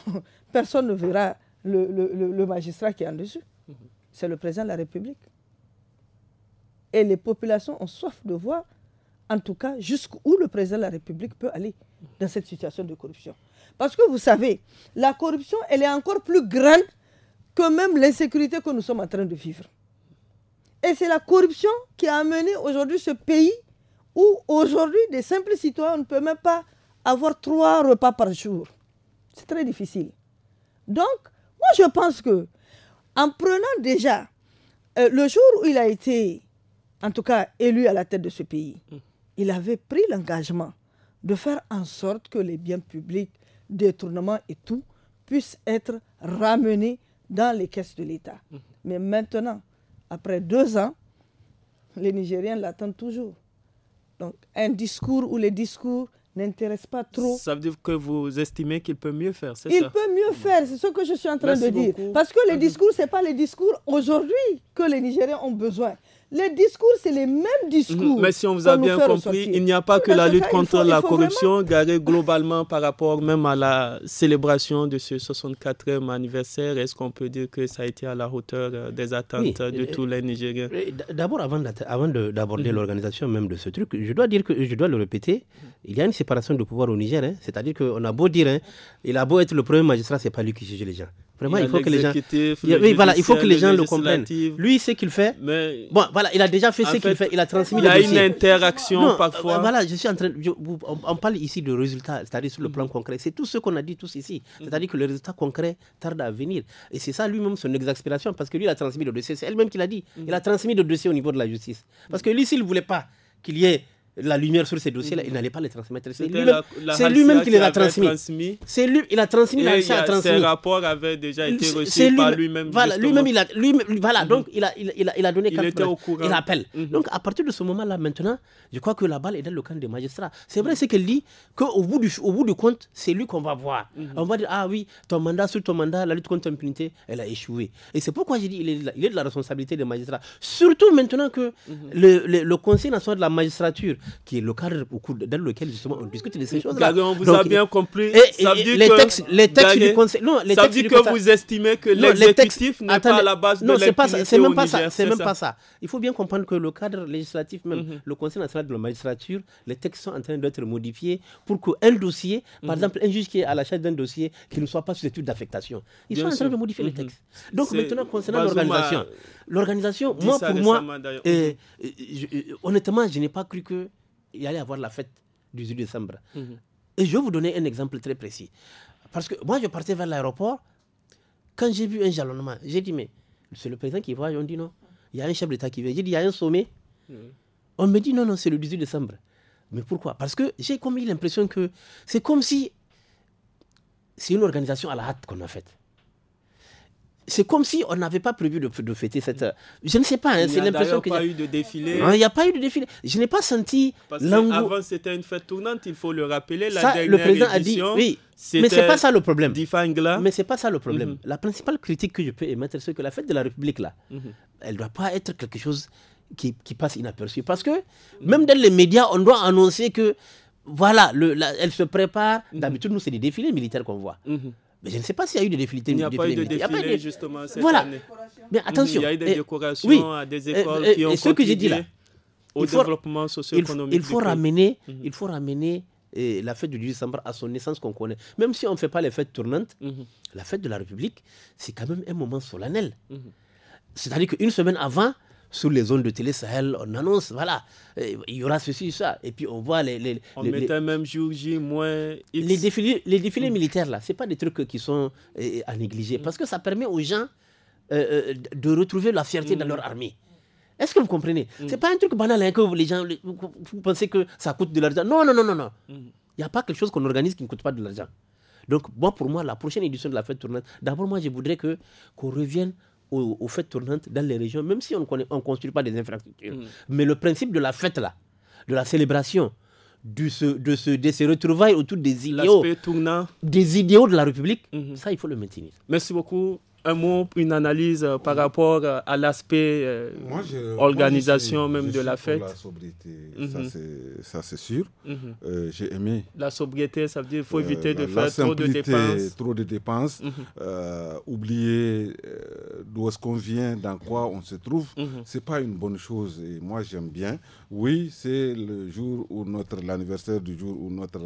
(laughs) personne ne verra le, magistrat qui est en dessus. Mhm. C'est le président de la République. Et les populations ont soif de voir, en tout cas, jusqu'où le président de la République peut aller dans cette situation de corruption. Parce que vous savez, la corruption, elle est encore plus grande que même l'insécurité que nous sommes en train de vivre. Et c'est la corruption qui a amené aujourd'hui ce pays où aujourd'hui, des simples citoyens ne peuvent même pas avoir trois repas par jour. C'est très difficile. Donc, moi, je pense que en prenant déjà euh, le jour où il a été, en tout cas, élu à la tête de ce pays, mm. il avait pris l'engagement de faire en sorte que les biens publics, détournements et tout, puissent être ramenés dans les caisses de l'État. Mm. Mais maintenant, après deux ans, les Nigériens l'attendent toujours. Donc, un discours où les discours n'intéressent pas trop. Ça veut dire que vous estimez qu'il peut mieux faire, c'est ça Il peut mieux faire, c'est ce que je suis en train de dire. Parce que les mhm. discours, ce n'est pas les discours aujourd'hui que les Nigériens ont besoin. Les discours, c'est les mêmes discours. mais si on vous a bien compris, il n'y a pas que la lutte contre la corruption, garée globalement par rapport même à la célébration de ce 64e anniversaire. Est-ce qu'on peut dire que ça a été à la hauteur euh, des attentes de euh, tous les Nigériens euh, D'abord, avant d'aborder mhm. l'organisation même de ce truc, je dois dire que je dois le répéter, il y a une séparation de pouvoir au Niger. Hein. C'est-à-dire qu'on a beau dire, hein, il a beau être le premier magistrat, c'est pas lui qui juge les gens. Vraiment, il, faut que les gens. oui, voilà, il faut que les gens le comprennent. Lui, ce qu'il fait. Bon, voilà, il a déjà fait ce qu'il fait. Il a transmis. Il y a une interaction parfois. Euh, voilà, je suis en train. on, on, parle ici de résultats, c'est-à-dire sur le plan concret. C'est tout ce qu'on a dit tous ici. Mhm. C'est-à-dire que le résultat concret tarde à venir. Et c'est ça lui-même son exaspération, parce que lui, il a transmis le dossier. C'est elle-même qui l'a dit. Mhm. Il a transmis le dossier au niveau de la justice. Parce que lui, s'il ne voulait pas qu'il y ait la lumière sur ces dossiers-là, il mm. n'allait pas les transmettre. C'est lui-même qui les a transmis. C'est lui, il a transmis, la a transmis. Ses rapports avaient déjà été reçus par lui-même. Voilà, lui-même, il a, lui voilà, mm. donc il a, il a, il a donné il était Il appelle. Mm-hmm. Donc à partir de ce moment-là, maintenant, je crois que la balle est dans le camp des magistrats. C'est vrai mm. ce qu'elle dit, qu'au bout du, au bout du compte, c'est lui qu'on va voir. Mm-hmm. On va dire, ah oui, ton mandat sur ton mandat, la lutte contre l'impunité, elle a échoué. Et c'est pourquoi j'ai dit, il est, il est de la responsabilité des magistrats. Surtout maintenant que mm-hmm. le, le, le Conseil national de la magistrature, qui est le cadre dans lequel justement on discute de ces choses-là. on vous avez a bien compris. ça veut dire les, que textes, du Conseil. Non, les textes que vous estimez que l'exécutif n'est pas à la base non, de Non, c'est même, pas ça, c'est même pas ça. Il faut bien comprendre que le cadre législatif, même mhm. le Conseil national de la magistrature, les textes sont en train d'être modifiés pour qu'un dossier, par mhm. exemple, un juge qui est à la charge d'un dossier qui ne soit pas sous étude d'affectation, ils sont en train de modifier les mhm. textes. Donc maintenant, concernant l'organisation, l'organisation, moi, pour moi, euh, euh, euh, honnêtement, je n'ai pas cru que il allait avoir la fête du 18 décembre. Mhm. Et je vais vous donner un exemple très précis. Parce que moi, je partais vers l'aéroport. Quand j'ai vu un jalonnement, j'ai dit, mais c'est le président qui voit, On dit non. Il y a un chef d'État qui vient. J'ai dit, il y a un sommet. Mhm. On me dit, non, non, c'est le 18 décembre. Mais pourquoi Parce que j'ai comme eu l'impression que c'est comme si c'est une organisation à la hâte qu'on a faite c'est comme si on n'avait pas prévu de, fêter cette. Je ne sais pas, hein, c'est l'impression n'y a pas eu de défilé. Ah, il n'y a pas eu de défilé. Je n'ai pas senti. Parce avant, c'était une fête tournante, il faut le rappeler. La le président a dit. Oui, mais c'est pas ça le problème. Mais c'est pas ça le problème. La principale critique que je peux émettre, c'est que la fête de la République, là, mhm. elle ne doit pas être quelque chose qui, passe inaperçu. Parce que même dans les médias, on doit annoncer que, voilà, elle se prépare. Mhm. D'habitude, nous, c'est des défilés militaires qu'on voit. Mhm. Mais je ne sais pas s'il y a eu des défilés. Il n'y a, pas eu de défilé, justement, cette voilà. année. Mais attention. Il y a eu des eh, décorations à des eh, écoles eh, qui ont et ce que j'ai dit là, au développement socio-économique. Il, faut ramener, mhm. il faut ramener la fête du 10 décembre à son naissance qu'on connaît. Même si on ne fait pas les fêtes tournantes, mhm. la fête de la République, c'est quand même un moment solennel. Mhm. C'est-à-dire qu'une semaine avant, sur les zones de télé Sahel, on annonce, voilà, euh, il y aura ceci, ça. Et puis on voit les. les on les, mettait même jour j'ai moins Les défilés, les défilés mm. militaires, là, ce pas des trucs qui sont euh, à négliger. Mm. Parce que ça permet aux gens euh, de retrouver la fierté dans mm. leur armée. Est-ce que vous comprenez Ce n'est pas un truc banal hein, que les gens vous pensez que ça coûte de l'argent. Non, non, non, non, non. Il n'y a pas quelque chose qu'on organise qui ne coûte pas de l'argent. Donc, moi, pour moi, la prochaine édition de la fête tournante, d'abord, moi, je voudrais que qu'on revienne aux, fêtes tournantes dans les régions, même si on ne construit pas des infrastructures. Mm. Mais le principe de la fête, là, de la célébration, de, ce, de, retrouvailles autour des idéaux, des idéaux de la République, mm-hmm. ça, il faut le maintenir. Merci beaucoup un mot, une analyse euh, par rapport euh, à l'aspect organisation même de la fête. la sobriété, mhm. ça c'est sûr. Mhm. Euh, j'ai aimé. La sobriété, ça veut dire qu'il faut éviter de faire trop de dépenses. Trop de dépenses, mhm. oublier d'où est-ce qu'on vient, dans quoi on se trouve, c'est pas une bonne chose. Et moi j'aime bien. Oui, c'est le jour où notre l'anniversaire du jour où notre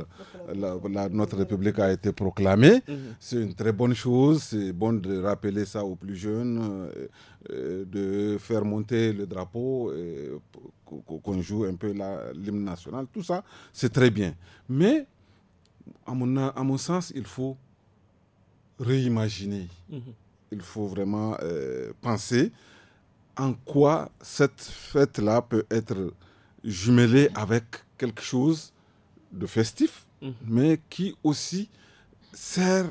notre République a été proclamée. C'est une très bonne chose. C'est bon de rappeler ça aux plus jeunes, euh, euh, de faire monter le drapeau, euh, qu'on joue un peu l'hymne national. Tout ça, c'est très bien. Mais, à mon, à mon sens, il faut réimaginer. Mm-hmm. Il faut vraiment penser en quoi cette fête-là peut être jumelée avec quelque chose de festif, mm-hmm. mais qui aussi sert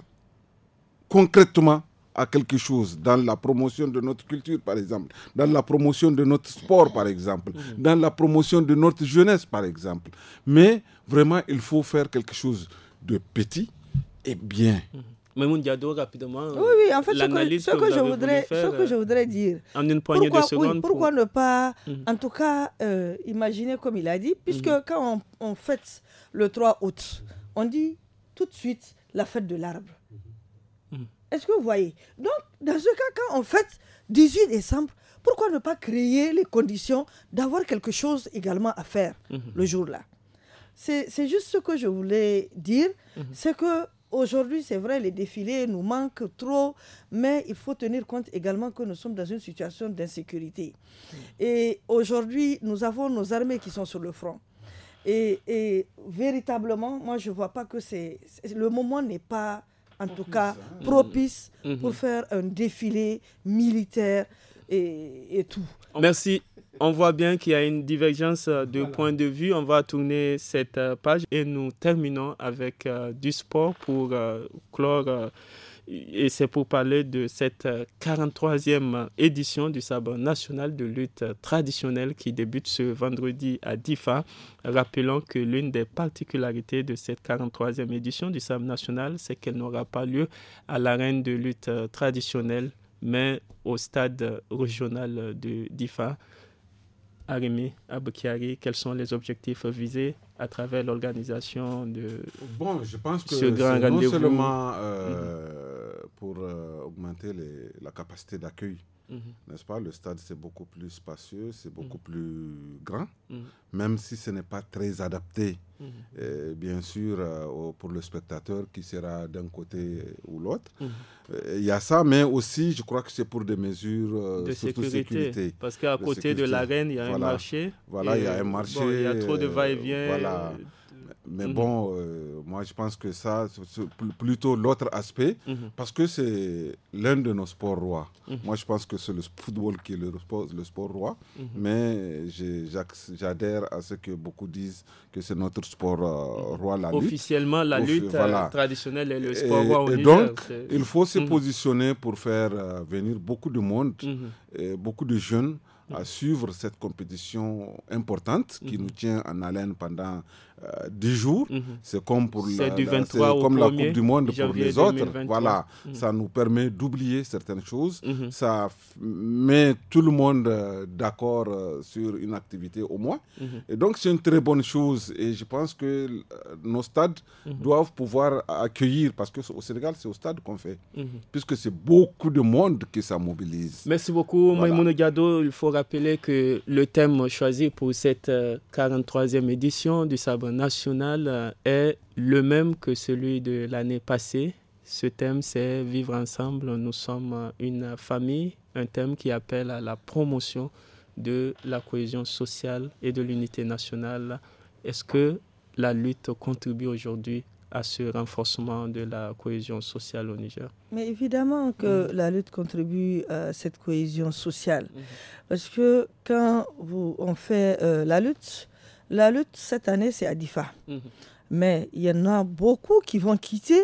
concrètement à quelque chose, dans la promotion de notre culture, par exemple, dans la promotion de notre sport, par exemple, dans la promotion de notre jeunesse, par exemple. Mais vraiment, il faut faire quelque chose de petit et bien. mais Diado, rapidement. Oui, oui, en fait, ce que, je voudrais, ce que je voudrais dire. Euh, en une poignée pourquoi, ne pas, mhm. en tout cas, euh, imaginer comme il a dit, puisque mhm. quand on, on, fête le 3 août, on dit tout de suite la fête de l'arbre. Est-ce que vous voyez Donc, dans ce cas, quand on fait, 18 décembre, pourquoi ne pas créer les conditions d'avoir quelque chose également à faire mhm. le jour-là C'est juste ce que je voulais dire. Mhm. C'est que Aujourd'hui, c'est vrai, les défilés nous manquent trop, mais il faut tenir compte également que nous sommes dans une situation d'insécurité. Mhm. Et aujourd'hui, nous avons nos armées qui sont sur le front. Et, et véritablement, moi, je ne vois pas que c'est... Le moment n'est pas en tout cas hein. propice mm-hmm. pour faire un défilé militaire et, et tout. Merci. On voit bien qu'il y a une divergence de points de vue. On va tourner cette euh, page et nous terminons avec euh, du sport pour euh, clore. Et c'est pour parler de cette 43e euh, édition du sabre national de lutte traditionnelle qui débute ce vendredi à Difa. Rappelons que l'une des particularités de cette 43e édition du sabre national, c'est qu'elle n'aura pas lieu à l'arène de lutte traditionnelle, mais au stade régional de Difa. Arimi remis Quels sont les objectifs visés à travers l'organisation de ce grand rendez-vous euh, mm-hmm pour euh, augmenter la capacité d'accueil. Mhm. N'est-ce pas Le stade, c'est beaucoup plus spacieux, c'est beaucoup mhm. plus grand, mhm. même si ce n'est pas très adapté, euh, bien sûr, euh, pour le spectateur qui sera d'un côté ou l'autre. Il y a ça, mais aussi, je crois que c'est pour des mesures de sécurité, Parce qu'à côté de l'arène, il y a un marché. Voilà, il y a un marché. il y a trop de va-et-vient. Voilà. Mais mhm. bon, euh, moi je pense que ça, c'est plutôt l'autre aspect, mhm. parce que c'est l'un de nos sports rois. Mhm. Moi je pense que c'est le football qui est le sport, le sport roi, mais j'adhère à ce que beaucoup disent que c'est notre sport euh, roi, la lutte. Officiellement, la lutte euh, traditionnelle est le sport roi. et donc, il faut se positionner pour faire venir beaucoup de monde, et beaucoup de jeunes à suivre cette compétition importante qui nous tient en haleine pendant 10 euh, jours. Mhm. C'est comme pour la, comme Coupe du Monde pour les autres. Voilà, mhm. ça nous permet d'oublier certaines choses. Mhm. Ça met tout le monde euh, d'accord euh, sur une activité au moins. Et donc, c'est une très bonne chose. Et je pense que nos stades doivent pouvoir accueillir, parce que au Sénégal, c'est au stade qu'on fait, puisque c'est beaucoup de monde qui ça mobilise. Merci beaucoup, voilà. Ogiado. Il faut rappeler que le thème choisi pour cette 43e édition du Sabre national euh, est le même que celui de l'année passée. Ce thème, c'est Vivre ensemble, nous sommes une famille, un thème qui appelle à la promotion de la cohésion sociale et de l'unité nationale. Est-ce que la lutte contribue aujourd'hui à ce renforcement de la cohésion sociale au Niger. Mais évidemment que mm. la lutte contribue à cette cohésion sociale. Mm-hmm. Parce que quand vous, on fait euh, la lutte, la lutte cette année, c'est Adifa. Mm-hmm. Mais il y en a beaucoup qui vont quitter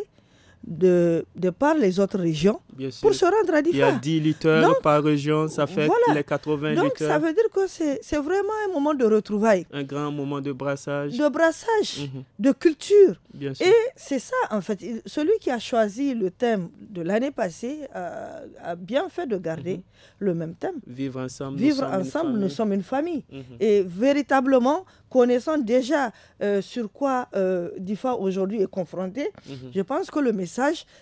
de, de par les autres régions pour se rendre à Diffa Il y a 10 litres par région, ça fait les 80 Donc, ça veut dire que c'est vraiment un moment de retrouvailles. Un grand moment de brassage. De brassage, mhm. de culture. Et c'est ça, en fait. Celui qui a choisi le thème de l'année passée euh, a, bien fait de garder mhm. le même thème. Vivre ensemble. Vivre nous ensemble, nous sommes une famille. Mhm. Et véritablement, connaissant déjà euh, sur quoi euh, aujourd'hui est confronté, je pense que le message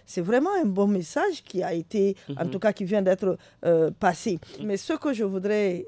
c'est vraiment un bon message qui a été, en mhm. tout cas qui vient d'être euh, passé. Mais ce que je voudrais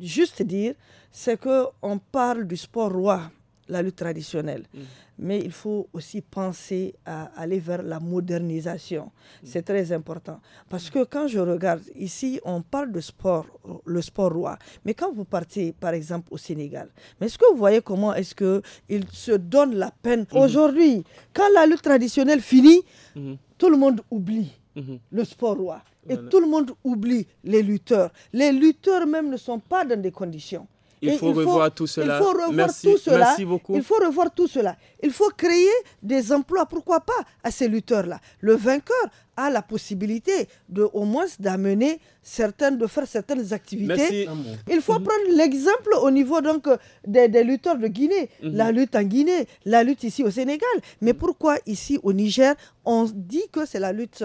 juste dire, c'est qu'on parle du sport roi la lutte traditionnelle. Mm. Mais il faut aussi penser à aller vers la modernisation. Mm. C'est très important. Parce mm. que quand je regarde, ici, on parle de sport, le sport roi. Mais quand vous partez, par exemple, au Sénégal, est-ce que vous voyez comment est-ce qu'ils se donnent la peine mm-hmm. aujourd'hui Quand la lutte traditionnelle finit, mm-hmm. tout le monde oublie mm-hmm. le sport roi. Et tout le monde oublie les lutteurs. Les lutteurs même ne sont pas dans des conditions. Il faut, revoir tout cela. Merci beaucoup. Il faut revoir tout cela. Il faut créer des emplois, pourquoi pas, à ces lutteurs-là. Le vainqueur la possibilité de au moins d'amener certaines, de faire certaines activités. Ah Il faut mhm. prendre l'exemple au niveau donc des, lutteurs de Guinée, mhm. la lutte en Guinée, la lutte ici au Sénégal. Mais mhm. pourquoi ici au Niger, on dit que c'est la lutte,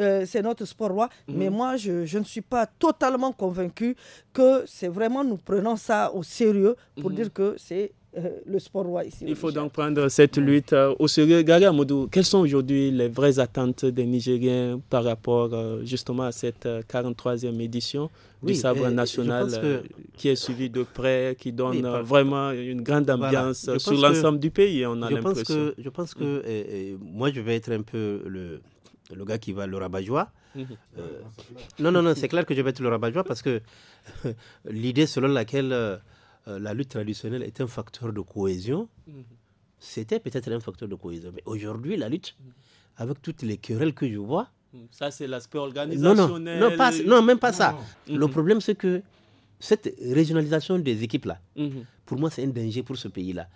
euh, c'est notre sport roi, mais moi, je, ne suis pas totalement convaincu que c'est vraiment, nous prenons ça au sérieux pour dire que c'est euh, le sport roi ici. Il faut donc prendre cette lutte euh, au sérieux. Gary Amoudou, quelles sont aujourd'hui les vraies attentes des Nigériens par rapport euh, justement à cette 43e édition du sabre national qui est suivi de près, qui donne vraiment une grande ambiance sur l'ensemble du pays, on a l'impression. Je pense que mm. moi, je vais être un peu le, le gars qui va le rabat mm. non, non, non, c'est clair que je vais être le rabat parce que (laughs) l'idée selon laquelle... Euh, la lutte traditionnelle est un facteur de cohésion. Mm-hmm. C'était peut-être un facteur de cohésion. Mais aujourd'hui, la lutte, mm-hmm. avec toutes les querelles que je vois. Mm-hmm. Ça, c'est l'aspect organisationnel. Non, non, même pas ça. Le problème, c'est que cette régionalisation des équipes-là, pour moi, c'est un danger pour ce pays-là.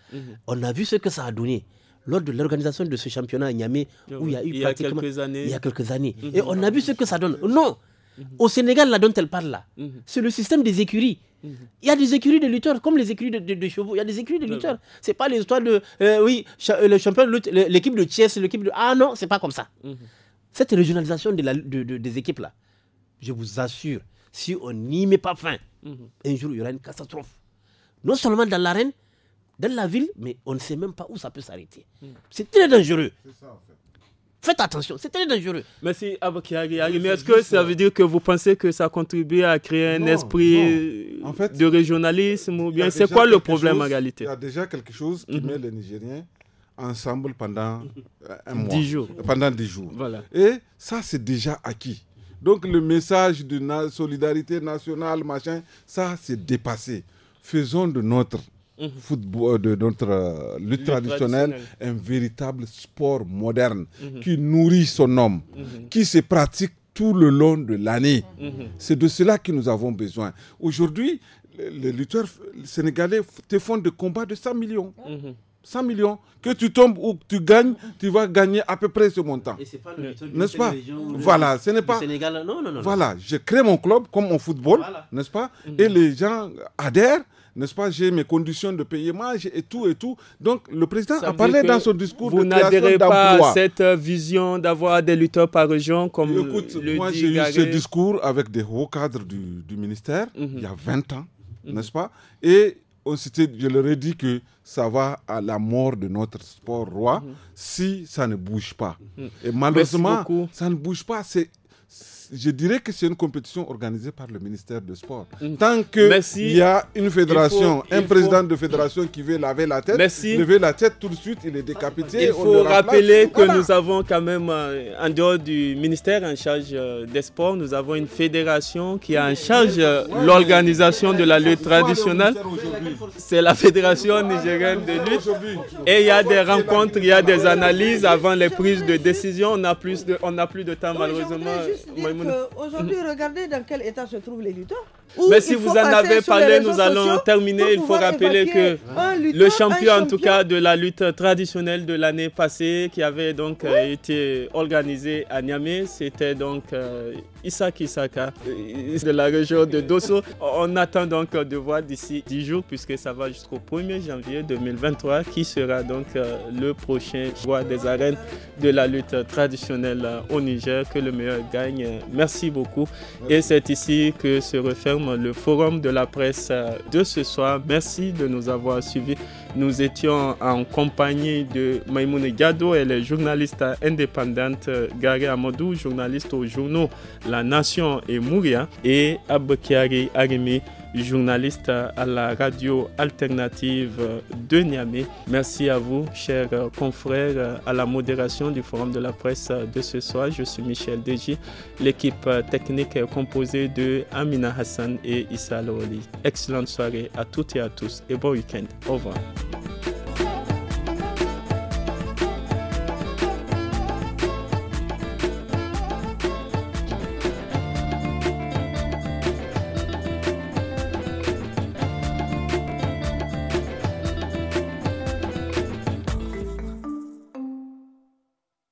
On a vu ce que ça a donné lors de l'organisation de ce championnat à Niamey, où il y a eu quelques années. Il y a quelques années. Et on a vu ce que ça donne. Non, au Sénégal, là dont elle parle là, mhm. c'est le système des écuries. Mhm. Il y a des écuries de lutteurs, comme les écuries de, chevaux. Il y a des écuries de lutteurs. C'est pas l'histoire de, euh, oui, euh, le champion lutte, l'équipe de chess, l'équipe de. Ah non, c'est pas comme ça. Mhm. Cette régionalisation de la, des équipes là, je vous assure, si on n'y met pas fin, un jour il y aura une catastrophe. Non seulement dans l'arène, dans la ville, mais on ne sait même pas où ça peut s'arrêter. C'est très dangereux. C'est ça en fait. Faites attention, c'est très dangereux. Merci, mais est-ce que ça veut dire que vous pensez que ça contribue à créer un esprit euh, de régionalisme ou bien c'est quoi le problème en réalité Il y a déjà quelque chose qui mhm. met les Nigériens ensemble pendant euh, un mois. Dix jours. Pendant dix jours. Voilà. Et ça, c'est déjà acquis. Donc le message de solidarité nationale, machin, ça, c'est dépassé. Faisons de notre Mmh. football, de notre euh, lutte traditionnelle, un véritable sport moderne mmh. qui nourrit son homme, mmh. qui se pratique tout le long de l'année. C'est de cela que nous avons besoin. Aujourd'hui, les lutteurs sénégalais te font des combats de 100 millions. 100 millions, que tu tombes ou que tu gagnes, tu vas gagner à peu près ce montant. N'est-ce pas Voilà, ce n'est pas. Voilà, je crée mon club comme en football, n'est-ce pas Et les gens adhèrent n'est-ce pas, j'ai mes conditions de paiement et tout et tout. Donc le président a parlé dans son discours vous de pas à cette euh, vision d'avoir des lutteurs par région comme Écoute, le moi j'ai eu ce discours avec des hauts cadres du, ministère mhm. il y a 20 ans, mhm. n'est-ce pas Et je leur ai dit que ça va à la mort de notre sport roi mhm. si ça ne bouge pas. Et malheureusement, ça ne bouge pas. C'est je dirais que c'est une compétition organisée par le ministère de sport Tant qu'il y a une fédération, un président de fédération qui veut laver la tête, lever la tête tout de suite, il est décapité. Il faut rappeler que nous avons quand même, euh, en dehors du ministère en charge euh, des Sports, nous avons une fédération qui est en charge euh, l'organisation de la lutte traditionnelle. C'est la fédération nigérienne de lutte. Et il y a des rencontres, il y a des analyses avant les prises de décision. On n'a plus de, on a plus de temps malheureusement. Euh, aujourd'hui, mhm. regardez dans quel état se trouvent les lutteurs. Mais si vous en avez parlé, nous allons terminer. Il faut rappeler que le champion, en tout cas, de la lutte traditionnelle de l'année passée, qui avait donc euh, été organisé à Niamey, c'était donc euh, Issa Isaka hein. euh, de la région de Dosso. On attend donc euh, de voir d'ici 10 jours puisque ça va jusqu'au 1er janvier 2023 qui sera donc euh, le prochain roi des arènes de la lutte traditionnelle au Niger que le meilleur gagne. Merci beaucoup et c'est ici que se referme le forum de la presse de ce soir. Merci de nous avoir suivis. Nous étions en compagnie de Maïmoune Gado, elle est journaliste indépendante, Gare Amadou, journaliste au journaux La Nation et Mouria, et Abkiari Arimi, journaliste à la radio alternative de Niamey. Merci à vous, chers confrères, à la modération du Forum de la presse de ce soir. Je suis Michel Deji. L'équipe technique est composée de Amina Hassan et Issa Lawali. Excellente soirée à toutes et à tous et bon week-end. Au revoir.